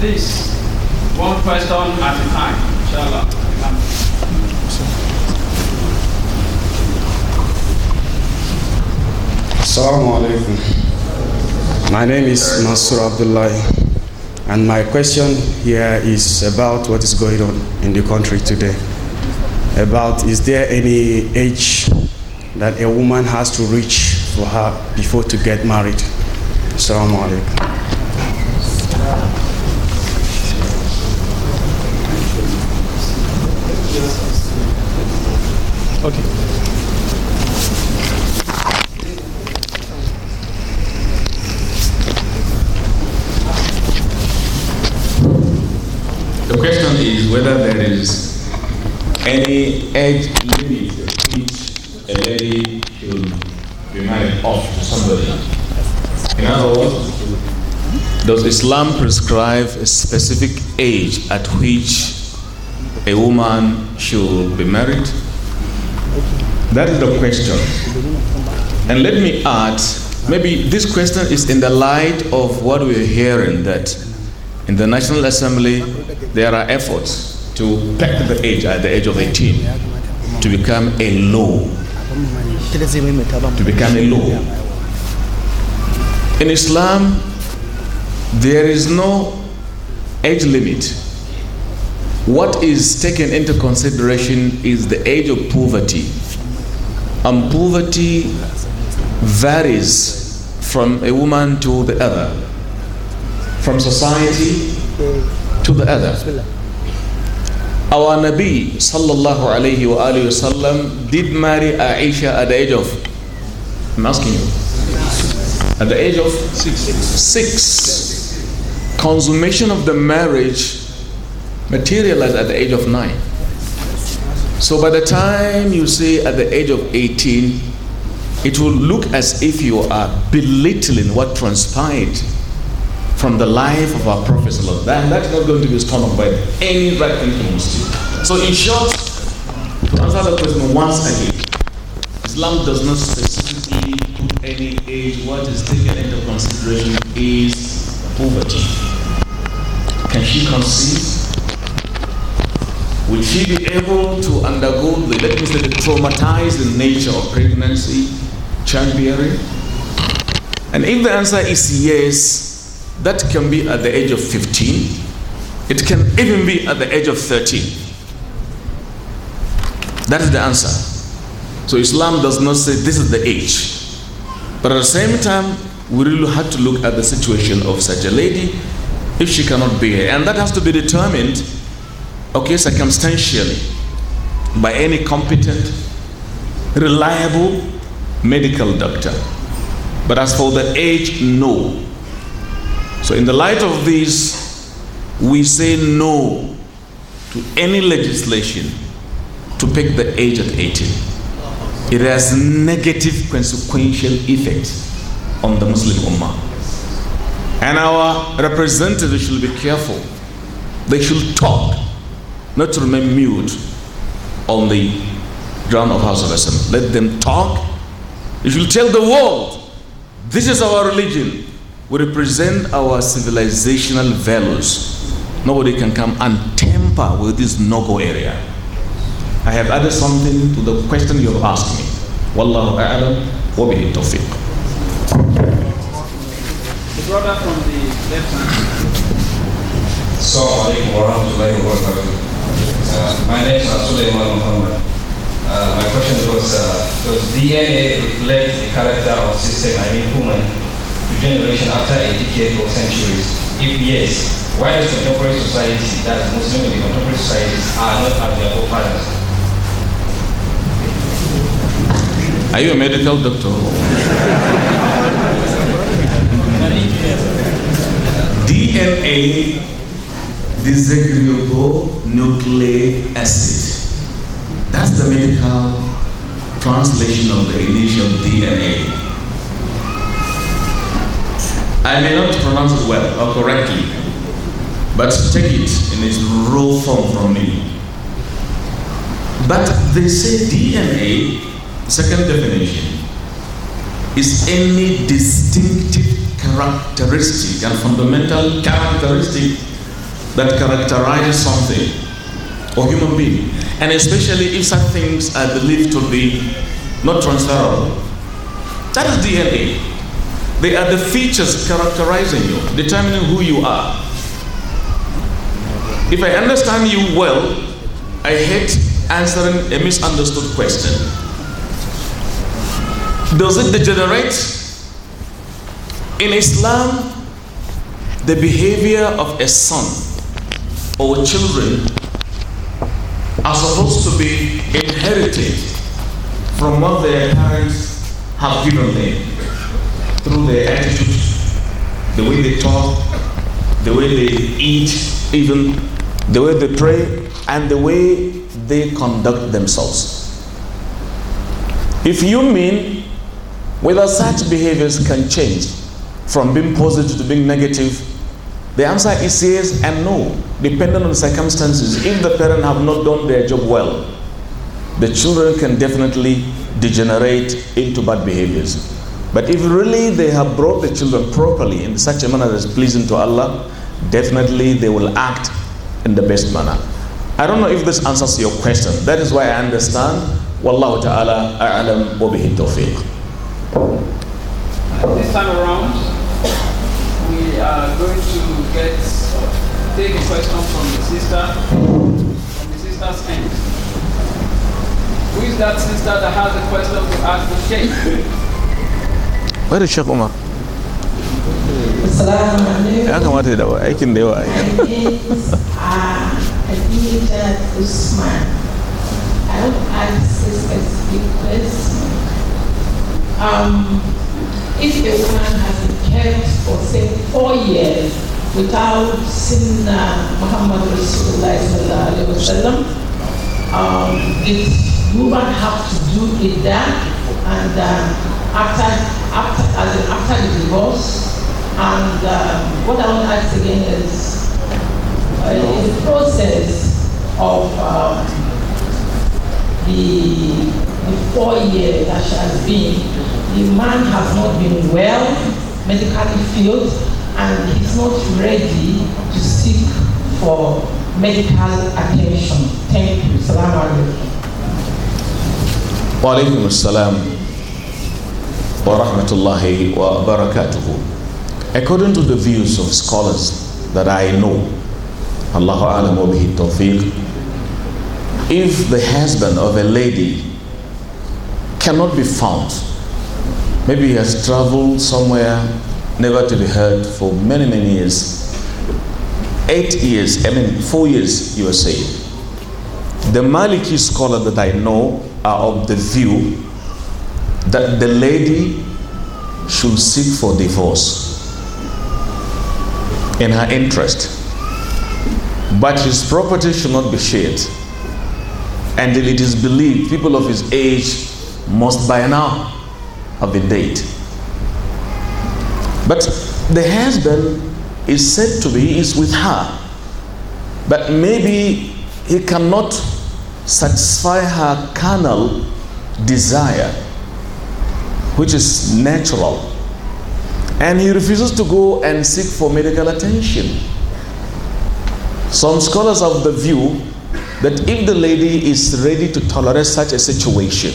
This one question at a time, inshallah. Assalamu alaikum. My name is Mansur Abdullahi, and my question here is about what is going on in the country today. About is there any age that a woman has to reach for her before to get married? Assalamu alaikum. Okay. The question is whether there is any age limit at which a lady should be married off to somebody. In other words, does Islam prescribe a specific age at which a woman should be married? That is the question. And let me add maybe this question is in the light of what we're hearing that in the National Assembly there are efforts to pack the age at the age of 18 to become a law. To become a law. In Islam, there is no age limit what is taken into consideration is the age of poverty. And poverty varies from a woman to the other, from society to the other. Our Nabi sallallahu alayhi wa alayhi wasallam did marry Aisha at the age of, I'm asking you, at the age of six. six. Consummation of the marriage Materialize at the age of nine. So by the time you say at the age of 18, it will look as if you are belittling what transpired from the life of our Prophet. That, that's not going to be stomached by any right thinking Muslim. So, in short, to answer the question once again, Islam does not specifically put any age. What is taken into consideration is poverty. Can she conceive? Will she be able to undergo the, let me say, the traumatizing nature of pregnancy, childbearing? And if the answer is yes, that can be at the age of 15. It can even be at the age of 13. That is the answer. So Islam does not say this is the age. But at the same time, we really have to look at the situation of such a lady if she cannot bear. And that has to be determined okay, circumstantially by any competent, reliable medical doctor. But as for the age, no. So, in the light of this, we say no to any legislation to pick the age at 18. It has negative consequential effect on the Muslim Ummah. And our representatives should be careful. They should talk not to remain mute on the ground of house of Islam. Let them talk. If You tell the world, this is our religion. We represent our civilizational values. Nobody can come and tamper with this no-go area. I have added something to the question you have asked me. Wallahu a'lam wa bihi tawfiq. The brother from the left hand. Assalamu alaikum wa rahmatullahi wa barakatuh my name is Suleiman Muhammad. Uh, my question was, uh, does DNA reflect the character of system, I mean human, regeneration after a decade or centuries? If yes, why does contemporary society, that is Muslim the contemporary societies, are not at their forefathers? Are you a medical doctor? DNA disagreeable acid. That's the medical translation of the initial DNA. I may not pronounce it well or correctly, but take it in its raw form from me. But they say DNA, second definition, is any distinctive characteristic and fundamental characteristic that characterizes something or human being. And especially if such things are believed to be not transferable. That is DNA. They are the features characterizing you, determining who you are. If I understand you well, I hate answering a misunderstood question. Does it degenerate? In Islam, the behavior of a son or children are supposed to be inherited from what their parents have given them through their attitude, the way they talk, the way they eat, even the way they pray, and the way they conduct themselves. If you mean whether such behaviors can change from being positive to being negative, the answer is yes and no, depending on circumstances. If the parents have not done their job well, the children can definitely degenerate into bad behaviors. But if really they have brought the children properly in such a manner that's pleasing to Allah, definitely they will act in the best manner. I don't know if this answers your question. That is why I understand. Wallahu ta'ala a'lam wa bihi tawfiq. This time around, are going to get take a question from the sister from the sister's end. Who is that sister that has a question to ask the Sheikh? Where is Sheikh Umar? ya kamata ya dawo aikin da yawa uh, a Um, if a woman has a for say four years without seeing uh, Muhammad Rasulullah wasallam. Um, it woman have to do it that and uh, after after after the divorce and um, what I want to ask again is uh, the process of um, the, the four years that she has been the man has not been well medically field, and he's not ready to seek for medical attention. Thank you. Salam alaikum. Wa alaikum salam. wa rahmatullahi wa barakatuhu. According to the views of scholars that I know, Allahu alam wa bihi tawfiq, if the husband of a lady cannot be found Maybe he has traveled somewhere, never to be heard for many, many years. Eight years, I mean, four years, you are saying. The Maliki scholar that I know are of the view that the lady should seek for divorce in her interest, but his property should not be shared until it is believed people of his age must by now of the date. But the husband is said to be is with her, but maybe he cannot satisfy her carnal desire, which is natural. And he refuses to go and seek for medical attention. Some scholars have the view that if the lady is ready to tolerate such a situation,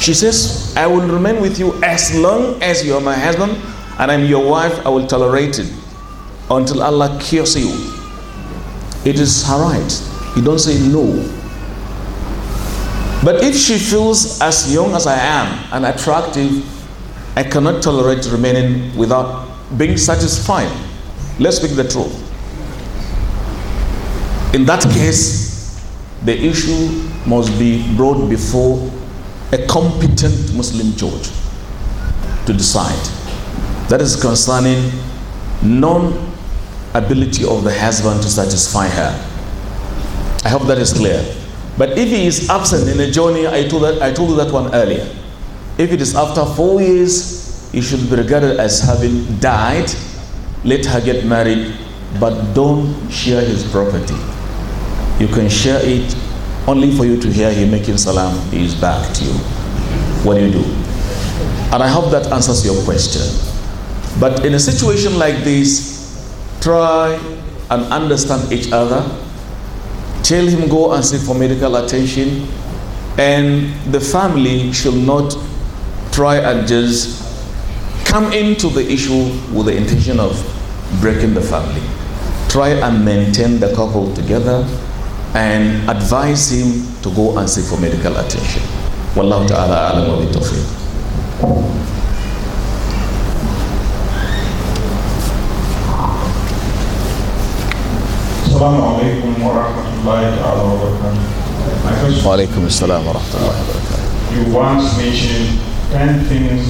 she says, I will remain with you as long as you are my husband and I'm your wife, I will tolerate it until Allah cures you. It is her right. You don't say no. But if she feels as young as I am and attractive, I cannot tolerate remaining without being satisfied. Let's speak the truth. In that case, the issue must be brought before a competent Muslim judge to decide. That is concerning non ability of the husband to satisfy her. I hope that is clear. But if he is absent in a journey, I told, that, I told you that one earlier. If it is after four years, he should be regarded as having died. Let her get married, but don't share his property. You can share it only for you to hear him making salam, he is back to you. What do you do? And I hope that answers your question. But in a situation like this, try and understand each other. Tell him go and seek for medical attention. And the family should not try and just come into the issue with the intention of breaking the family. Try and maintain the couple together and advise him to go and seek for medical attention. Wallahu ta'ala alam wa Assalamu alaikum wa rahmatullahi wa barakatuh. Wa alaikum wa rahmatullahi wa You once mentioned 10 things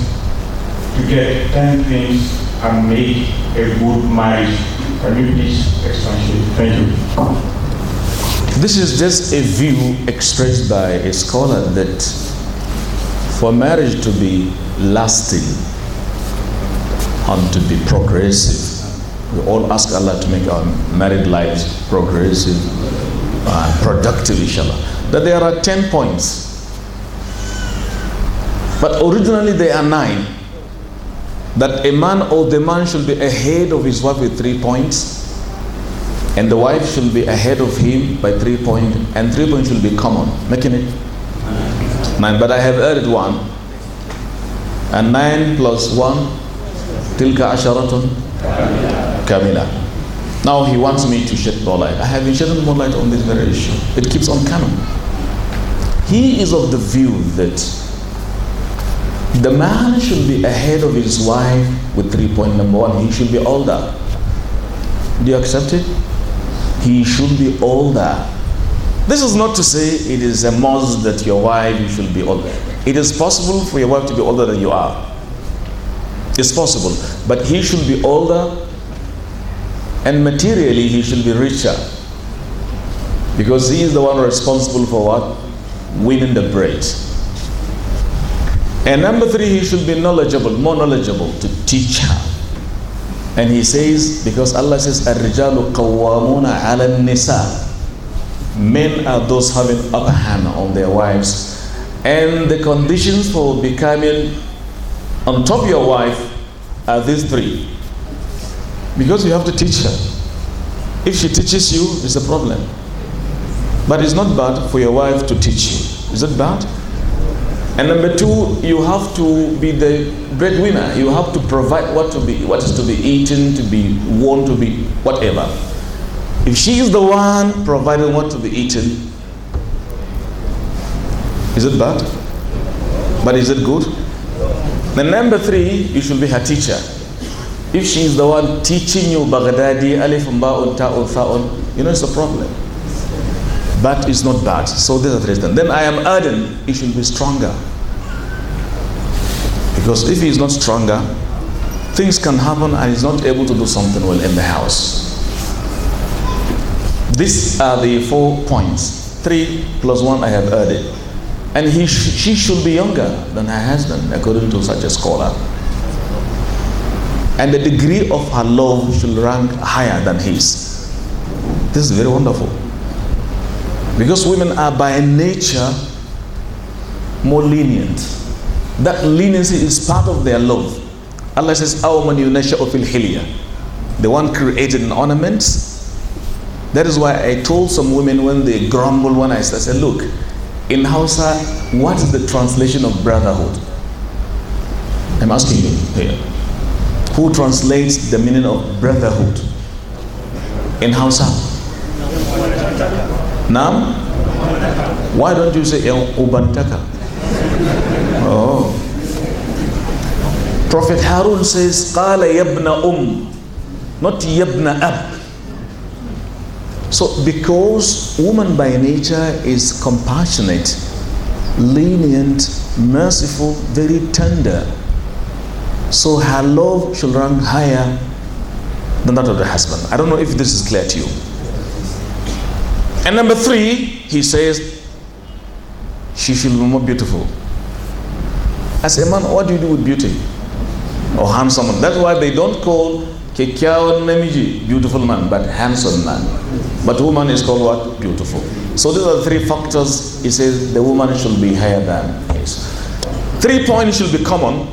to get 10 things and make a good marriage. Can you please it? Thank you. This is just a view expressed by a scholar that for marriage to be lasting and to be progressive, we all ask Allah to make our married lives progressive and productive, inshallah. That there are 10 points. But originally there are nine. That a man or the man should be ahead of his wife with three points and the wife should be ahead of him by three point, and three points should be common, making it nine. But I have added one. And nine plus one, tilka asharatun kamila. Now he wants me to shed more light. I have been shedding more light on this very issue. It keeps on coming. He is of the view that the man should be ahead of his wife with three point number one. He should be older. Do you accept it? he should be older. This is not to say it is a must that your wife should be older. It is possible for your wife to be older than you are. It's possible. But he should be older and materially he should be richer. Because he is the one responsible for what? Winning the bread. And number three, he should be knowledgeable, more knowledgeable to teach her. And he says, because Allah says, Ar-rijalu qawwamuna ala nisa. Men are those having upper hand on their wives. And the conditions for becoming on top of your wife are these three. Because you have to teach her. If she teaches you, it's a problem. But it's not bad for your wife to teach you. Is it bad? And number two, you have to be the breadwinner. You have to provide what to be, what is to be eaten, to be worn, to be whatever. If she is the one providing what to be eaten, is it bad? But is it good? Then number three, you should be her teacher. If she is the one teaching you Baghdadi, Alif, Mba'un, Ta'un, Tha'un, you know it's a problem. That is not bad. So these are the Then I am ardent. He should be stronger. Because if he is not stronger, things can happen and he's not able to do something well in the house. These are the four points. Three plus one I have added. And he sh she should be younger than her husband, according to such a scholar. And the degree of her love should rank higher than his. This is very wonderful. Because women are by nature more lenient. That leniency is part of their love. Allah says, Awman yunasha'u fil hilya. The one created in ornaments. That is why I told some women when they grumble when I said, I said look, in Hausa, what is the translation of brotherhood? I'm asking you here. Who translates the meaning of brotherhood in Hausa? Now, why don't you say Ubantaka? Oh. Prophet Harun says, Qala yabna um, not yabna ab. So, because woman by nature is compassionate, lenient, merciful, very tender, so her love should rank higher than that of the husband. I don't know if this is clear to you. And number three, he says, she should be more beautiful. As a man, what do you do with beauty? Or handsome man? That's why they don't call Kekiao Nemiji beautiful man, but handsome man. But woman is called what? Beautiful. So these are the three factors. He says the woman should be higher than his. Three points should be common.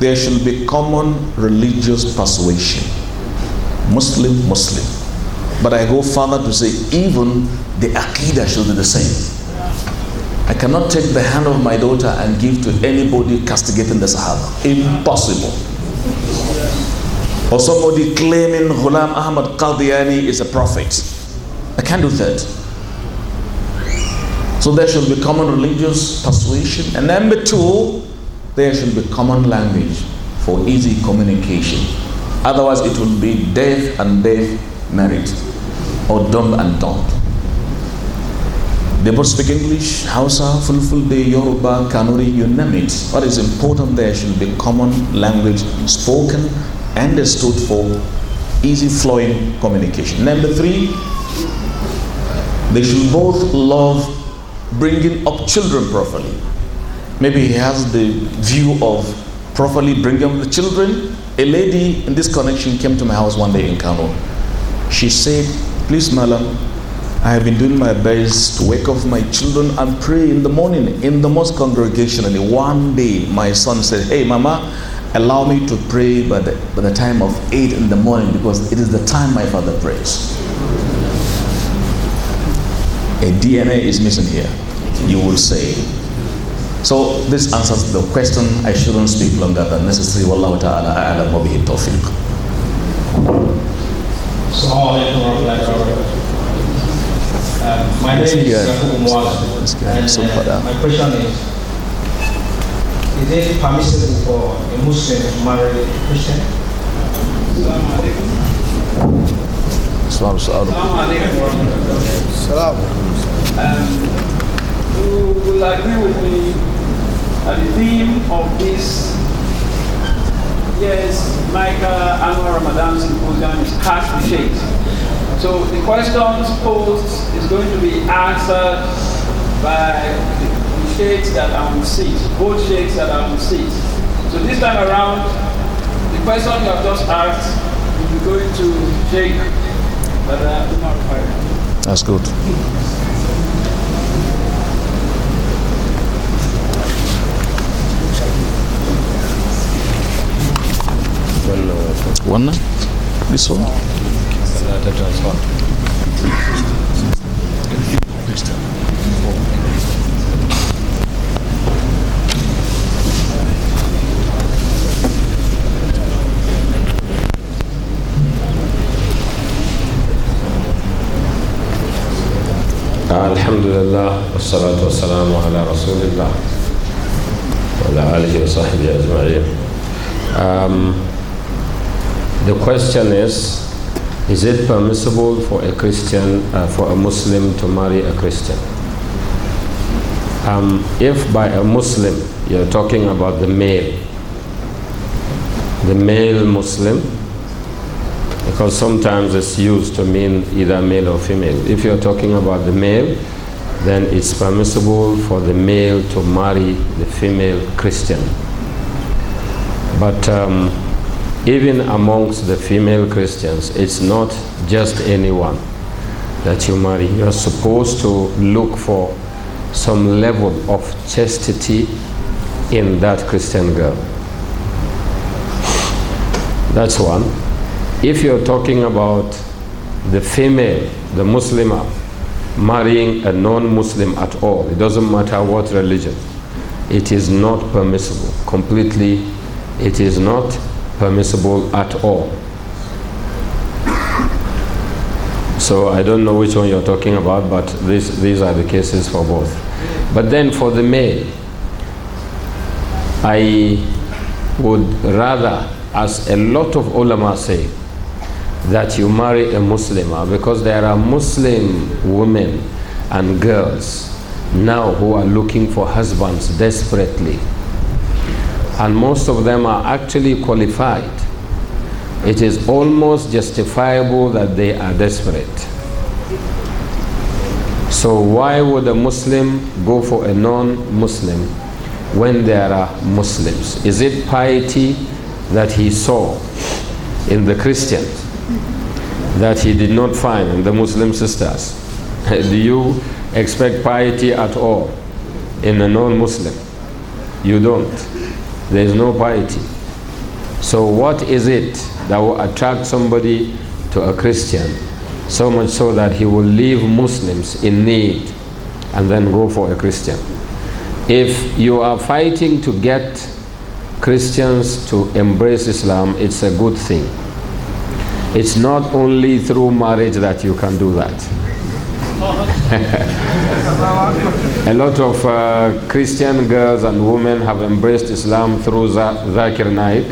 There should be common religious persuasion. Muslim, Muslim. But I go further to say even the Aqidah should be the same. I cannot take the hand of my daughter and give to anybody castigating the Sahaba. Impossible. Or somebody claiming Ghulam Ahmad Qadiani is a prophet. I can't do that. So there should be common religious persuasion. And number two, there should be common language for easy communication. Otherwise, it will be death and death married or dumb and dumb. They both speak English, Hausa, Fulfulde, Yoruba, Kanuri, you name it. What is important there should be common language spoken, understood for easy flowing communication. Number three, they should both love bringing up children properly. Maybe he has the view of properly bringing up the children. A lady in this connection came to my house one day in Kanuri. She said, Please, madam, I have been doing my best to wake up my children and pray in the morning in the mosque congregationally. One day, my son said, Hey, mama, allow me to pray by the, by the time of 8 in the morning because it is the time my father prays. A DNA is missing here, you will say. So this answers the question. I shouldn't speak longer than necessary. Wallahu ta'ala a'lam wa bihi Assalamualaikum warahmatullahi My name is Yakub Mwaz, and uh, my question is, is it permissible for a Muslim to marry a Christian? Islam Assalamu alaikum warahmatullahi You will agree with me at the theme of this Yes, Mike uh, annual Ramadan symposium is cash the shade. So the questions posed is going to be answered by the shades that I will see, both shades that I will see. So this time around, the question you have just asked will be going to the Umar That's good. wannan this الحمد لله والصلاة والسلام على رسول الله وعلى آله وصحبه أجمعين The question is Is it permissible for a Christian, uh, for a Muslim to marry a Christian? Um, if by a Muslim you're talking about the male, the male Muslim, because sometimes it's used to mean either male or female. If you're talking about the male, then it's permissible for the male to marry the female Christian. But um, even amongst the female Christians, it's not just anyone that you marry. You're supposed to look for some level of chastity in that Christian girl. That's one. If you're talking about the female, the Muslim, marrying a non Muslim at all, it doesn't matter what religion, it is not permissible. Completely, it is not permissible at all. So I don't know which one you're talking about, but this, these are the cases for both. But then for the male, I would rather, as a lot of ulama say, that you marry a Muslim ah, because there are Muslim women and girls now who are looking for husbands desperately and most of them are actually qualified, it is almost justifiable that they are desperate. So, why would a Muslim go for a non Muslim when there are Muslims? Is it piety that he saw in the Christians that he did not find in the Muslim sisters? Do you expect piety at all in a non Muslim? You don't. There is no piety. So, what is it that will attract somebody to a Christian? So much so that he will leave Muslims in need and then go for a Christian. If you are fighting to get Christians to embrace Islam, it's a good thing. It's not only through marriage that you can do that. a lot of uh, Christian girls and women have embraced Islam through Zakir Naik,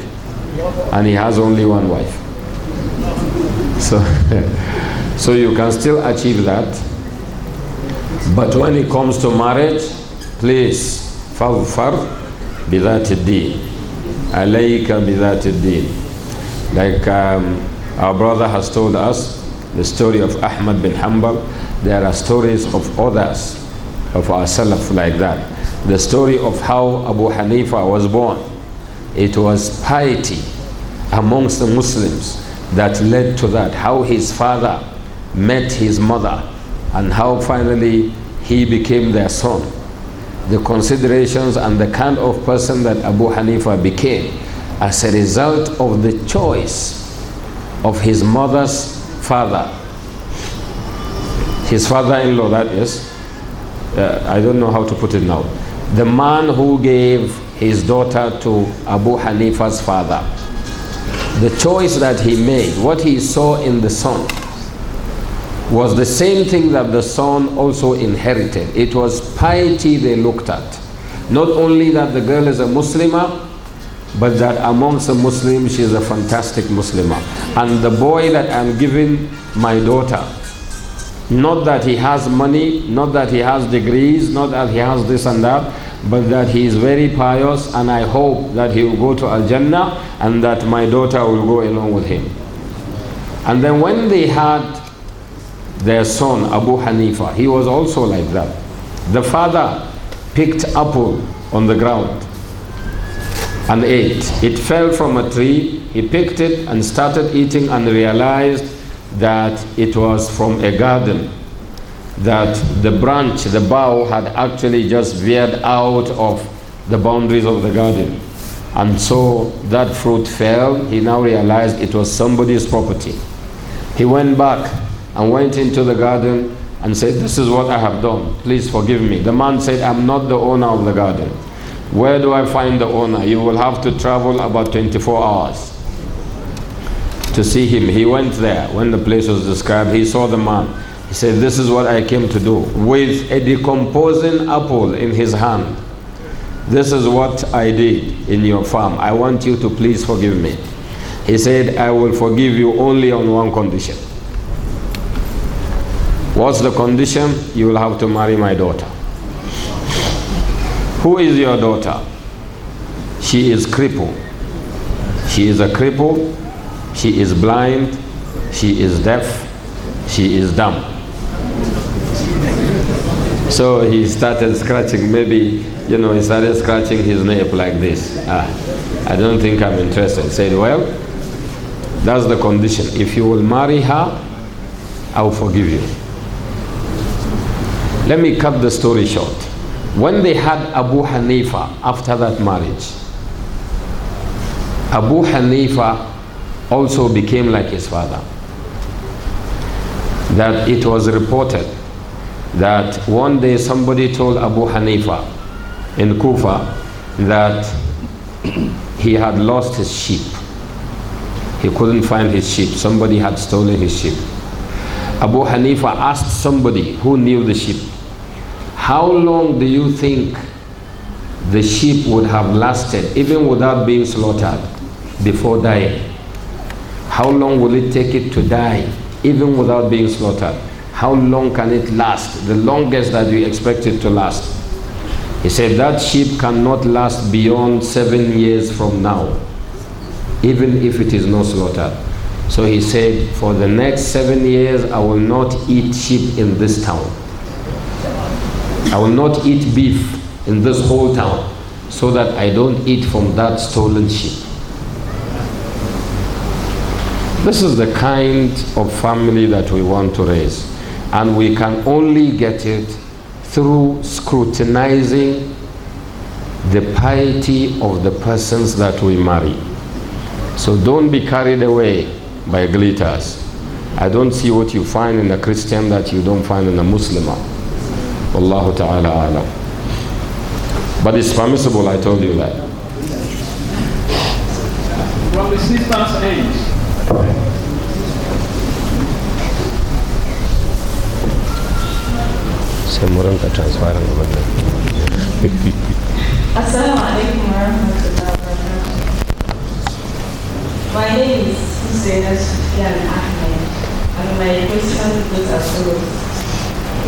and he has only one wife. So, so you can still achieve that. But when it comes to marriage, please, فَظْفَرْ بِذَاتِ الدِّينِ عَلَيْكَ بِذَاتِ الدِّينِ Like um, our brother has told us, the story of Ahmad bin Hanbal, there are stories of others of our Salaf like that. The story of how Abu Hanifa was born. It was piety amongst the Muslims that led to that. How his father met his mother and how finally he became their son. The considerations and the kind of person that Abu Hanifa became as a result of the choice of his mother's father his father-in-law that is uh, I don't know how to put it now the man who gave his daughter to Abu Hanifa's father the choice that he made what he saw in the son was the same thing that the son also inherited it was piety they looked at not only that the girl is a Muslimah but that amongst the Muslims she is a fantastic Muslimah and the boy that I'm giving my daughter not that he has money, not that he has degrees, not that he has this and that, but that he is very pious and I hope that he will go to Al Jannah and that my daughter will go along with him. And then when they had their son Abu Hanifa, he was also like that. The father picked apple on the ground and ate. It fell from a tree. He picked it and started eating and realized that it was from a garden, that the branch, the bough, had actually just veered out of the boundaries of the garden. And so that fruit fell. He now realized it was somebody's property. He went back and went into the garden and said, This is what I have done. Please forgive me. The man said, I'm not the owner of the garden. Where do I find the owner? You will have to travel about 24 hours to see him. He went there. When the place was described, he saw the man. He said, This is what I came to do. With a decomposing apple in his hand. This is what I did in your farm. I want you to please forgive me. He said, I will forgive you only on one condition. What's the condition? You will have to marry my daughter. Who is your daughter? She is crippled. She is a cripple she is blind, she is deaf, she is dumb. So he started scratching, maybe, you know, he started scratching his nape like this. Ah, I don't think I'm interested. Said, well, that's the condition. If you will marry her, I will forgive you. Let me cut the story short. When they had Abu Hanifa after that marriage, Abu Hanifa also became like his father. That it was reported that one day somebody told Abu Hanifa in Kufa that he had lost his sheep. He couldn't find his sheep. Somebody had stolen his sheep. Abu Hanifa asked somebody who knew the sheep, How long do you think the sheep would have lasted, even without being slaughtered, before dying? How long will it take it to die, even without being slaughtered? How long can it last? The longest that we expect it to last. He said, That sheep cannot last beyond seven years from now, even if it is not slaughtered. So he said, For the next seven years, I will not eat sheep in this town. I will not eat beef in this whole town, so that I don't eat from that stolen sheep. This is the kind of family that we want to raise. And we can only get it through scrutinizing the piety of the persons that we marry. So don't be carried away by glitters. I don't see what you find in a Christian that you don't find in a Muslim. Allahu ta'ala alam. But it's permissible, I told you that. From the sister's age, sai mu rinka transferin abin nan assalamu alaikum my name is Hussein Sufyan Ahmed and my question is as follows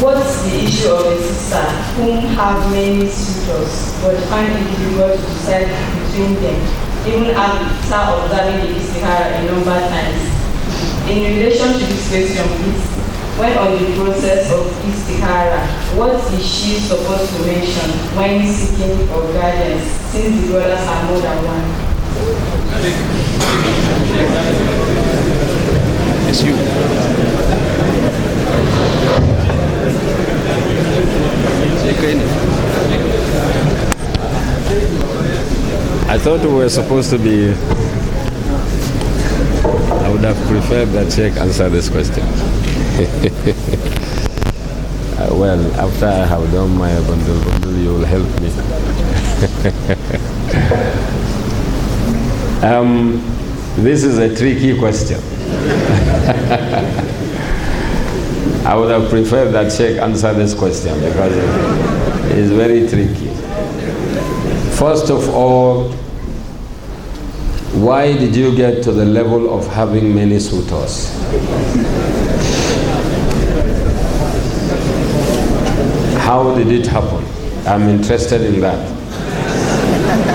what's the issue of a sister whom have many suitors but find it difficult to decide between them even after observing the Istihara a number of times. In relation to this question, please, when on the process of Istihara, what is she supposed to mention when seeking for guidance since the brothers are more than one? It's you. Take I thought we were supposed to be. I would have preferred that Sheikh answer this question. uh, well, after I have done my bundle bundle, you will help me. um, this is a tricky question. I would have preferred that Sheikh answer this question because it's very tricky. First of all, why did you get to the level of having many suitors? How did it happen? I'm interested in that.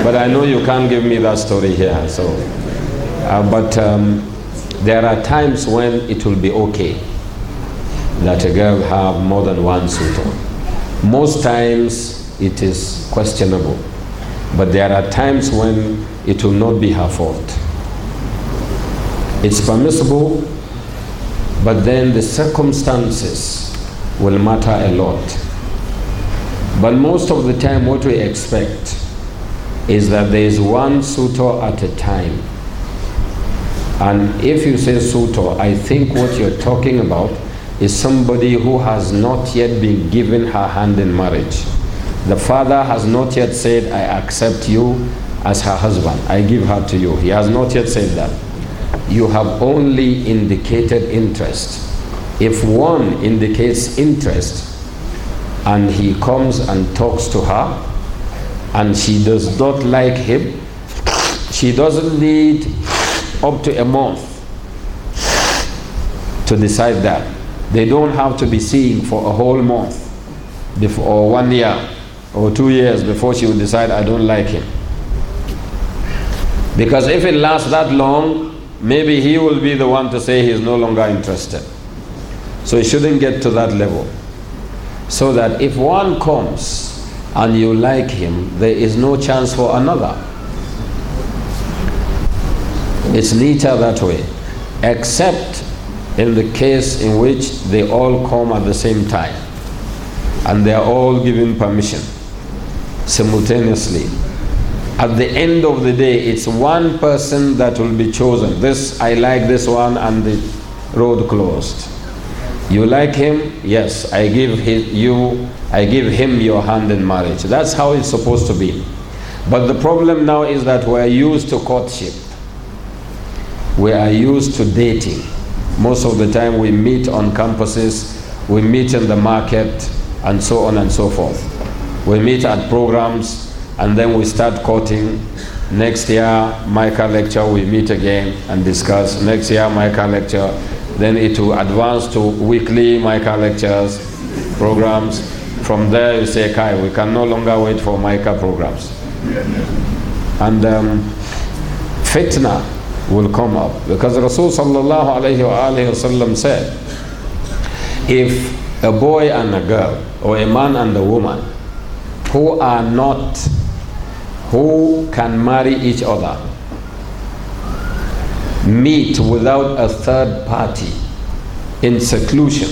but I know you can't give me that story here, so. Uh, but um, there are times when it will be okay that a girl have more than one suitor. Most times it is questionable but there are times when it will not be her fault. It's permissible, but then the circumstances will matter a lot. But most of the time, what we expect is that there is one suitor at a time. And if you say suitor, I think what you're talking about is somebody who has not yet been given her hand in marriage. The father has not yet said, I accept you as her husband. I give her to you. He has not yet said that. You have only indicated interest. If one indicates interest and he comes and talks to her and she does not like him, she doesn't need up to a month to decide that. They don't have to be seeing for a whole month or one year or two years before she will decide, I don't like him. Because if it lasts that long, maybe he will be the one to say he is no longer interested. So it shouldn't get to that level. So that if one comes and you like him, there is no chance for another. It's neater that way, except in the case in which they all come at the same time and they are all given permission simultaneously. At the end of the day, it's one person that will be chosen. This, I like this one, and the road closed. You like him? Yes, I give his, you, I give him your hand in marriage. That's how it's supposed to be. But the problem now is that we're used to courtship. We are used to dating. Most of the time we meet on campuses, we meet in the market, and so on and so forth. We meet at programs and then we start quoting. Next year, Michael lecture, we meet again and discuss. Next year, Michael lecture. Then it will advance to weekly Michael lectures, programs. From there, you say, Kai, we can no longer wait for Michael programs. And um, fitna will come up because Rasul sallallahu alayhi wa alayhi said, if a boy and a girl, or a man and a woman, who are not, who can marry each other, meet without a third party in seclusion,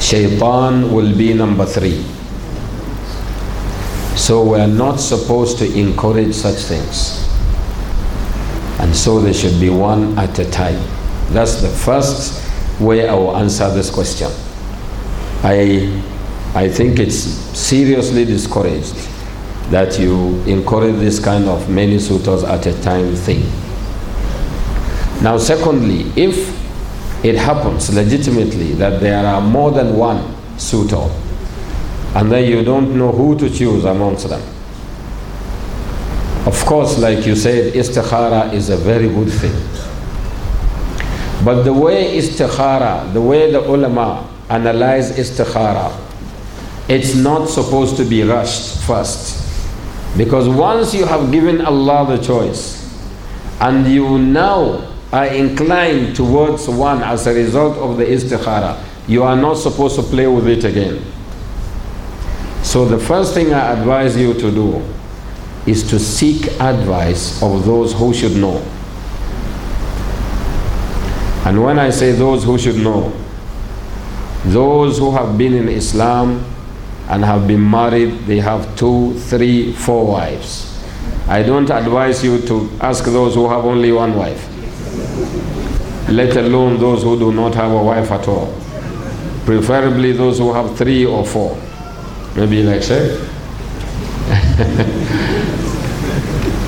shaitan will be number three. So we are not supposed to encourage such things. And so they should be one at a time. That's the first way I will answer this question. I I think it's seriously discouraged that you encourage this kind of many suitors at a time thing. Now, secondly, if it happens legitimately that there are more than one suitor, and then you don't know who to choose amongst them. Of course, like you said, istikhara is a very good thing. But the way istikhara, the way the ulama analyze istikhara, it's not supposed to be rushed first. Because once you have given Allah the choice and you now are inclined towards one as a result of the istikhara, you are not supposed to play with it again. So, the first thing I advise you to do is to seek advice of those who should know. And when I say those who should know, those who have been in Islam and have been married. They have two, three, four wives. I don't advise you to ask those who have only one wife, let alone those who do not have a wife at all. Preferably those who have three or four. Maybe like say.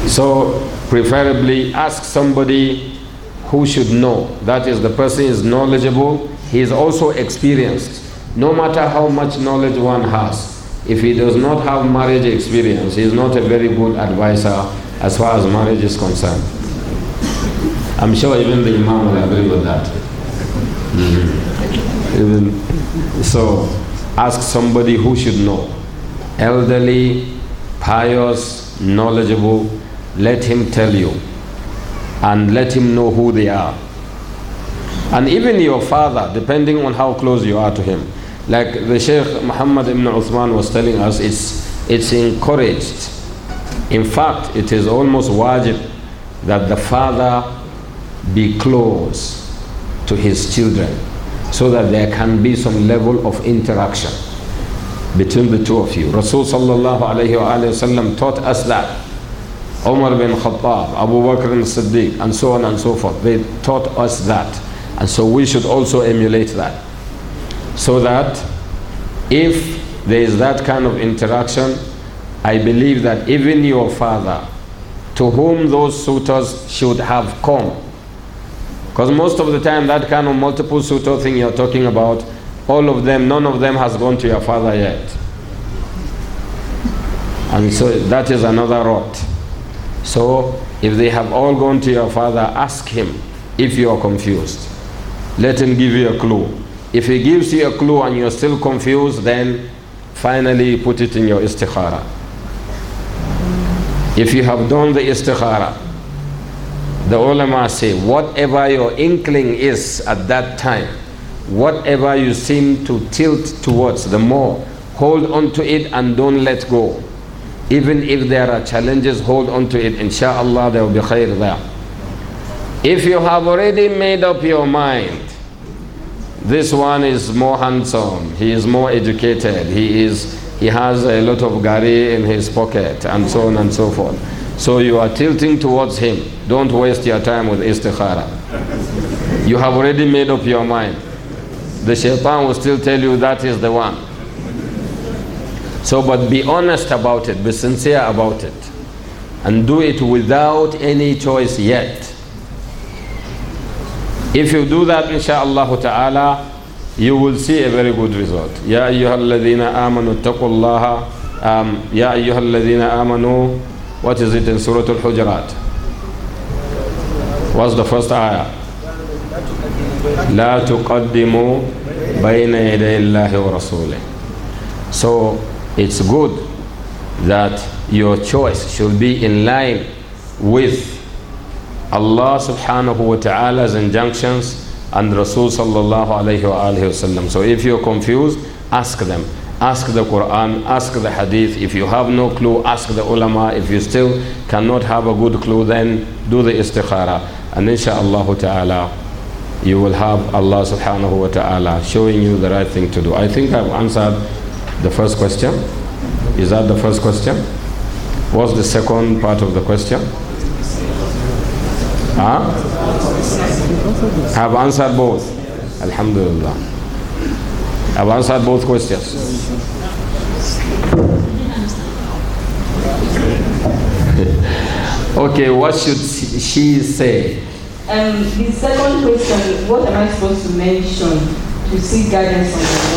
so, preferably ask somebody who should know. That is, the person is knowledgeable, he is also experienced no matter how much knowledge one has, if he does not have marriage experience, he is not a very good advisor as far as marriage is concerned. I'm sure even the Imam will agree with that. Mm. Even, so, ask somebody who should know. Elderly, pious, knowledgeable, let him tell you and let him know who they are. And even your father, depending on how close you are to him, like the Sheikh Muhammad ibn Uthman was telling us, it's, it's encouraged. In fact, it is almost wajib that the father be close to his children so that there can be some level of interaction between the two of you. Rasul sallallahu alayhi wa sallam taught us that. Umar bin Khattab, Abu Bakr and Siddiq, and so on and so forth. They taught us that. And so we should also emulate that. So that if there is that kind of interaction, I believe that even your father, to whom those suitors should have come, because most of the time that kind of multiple suitor thing you're talking about, all of them, none of them has gone to your father yet. And so that is another rot. So if they have all gone to your father, ask him if you are confused. Let him give you a clue. If he gives you a clue and you're still confused, then finally put it in your istikhara. If you have done the istikhara, the ulama say, whatever your inkling is at that time, whatever you seem to tilt towards, the more, hold on to it and don't let go. Even if there are challenges, hold on to it. Insha'Allah, there will be khair there. If you have already made up your mind this one is more handsome, he is more educated, he, is, he has a lot of gari in his pocket, and so on and so forth. So you are tilting towards him. Don't waste your time with istikhara. You have already made up your mind. The shaitan will still tell you that is the one. So, but be honest about it, be sincere about it, and do it without any choice yet. If you do that, insha'Allah ta'ala, you will see a very good result. Ya أيها amanu آمنوا um, Ya الله amanu. What is it in Surah Al-Hujurat? What's the first ayah? لا تقدموا بين يدي الله ورسوله So it's good that your choice should be in line with Allah subhanahu wa ta'ala's injunctions and Rasul sallallahu alayhi wa alayhi wasallam. So if you're confused, ask them. Ask the Quran, ask the Hadith. If you have no clue, ask the ulama. If you still cannot have a good clue, then do the istikhara. And inshaAllah ta'ala, you will have Allah subhanahu wa ta'ala showing you the right thing to do. I think I've answered the first question. Is that the first question? What's the second part of the question? Huh? Have answered both. Alhamdulillah. I've answered both questions. okay, what should she say? Um, the second question what am I supposed to mention to seek guidance from the Lord?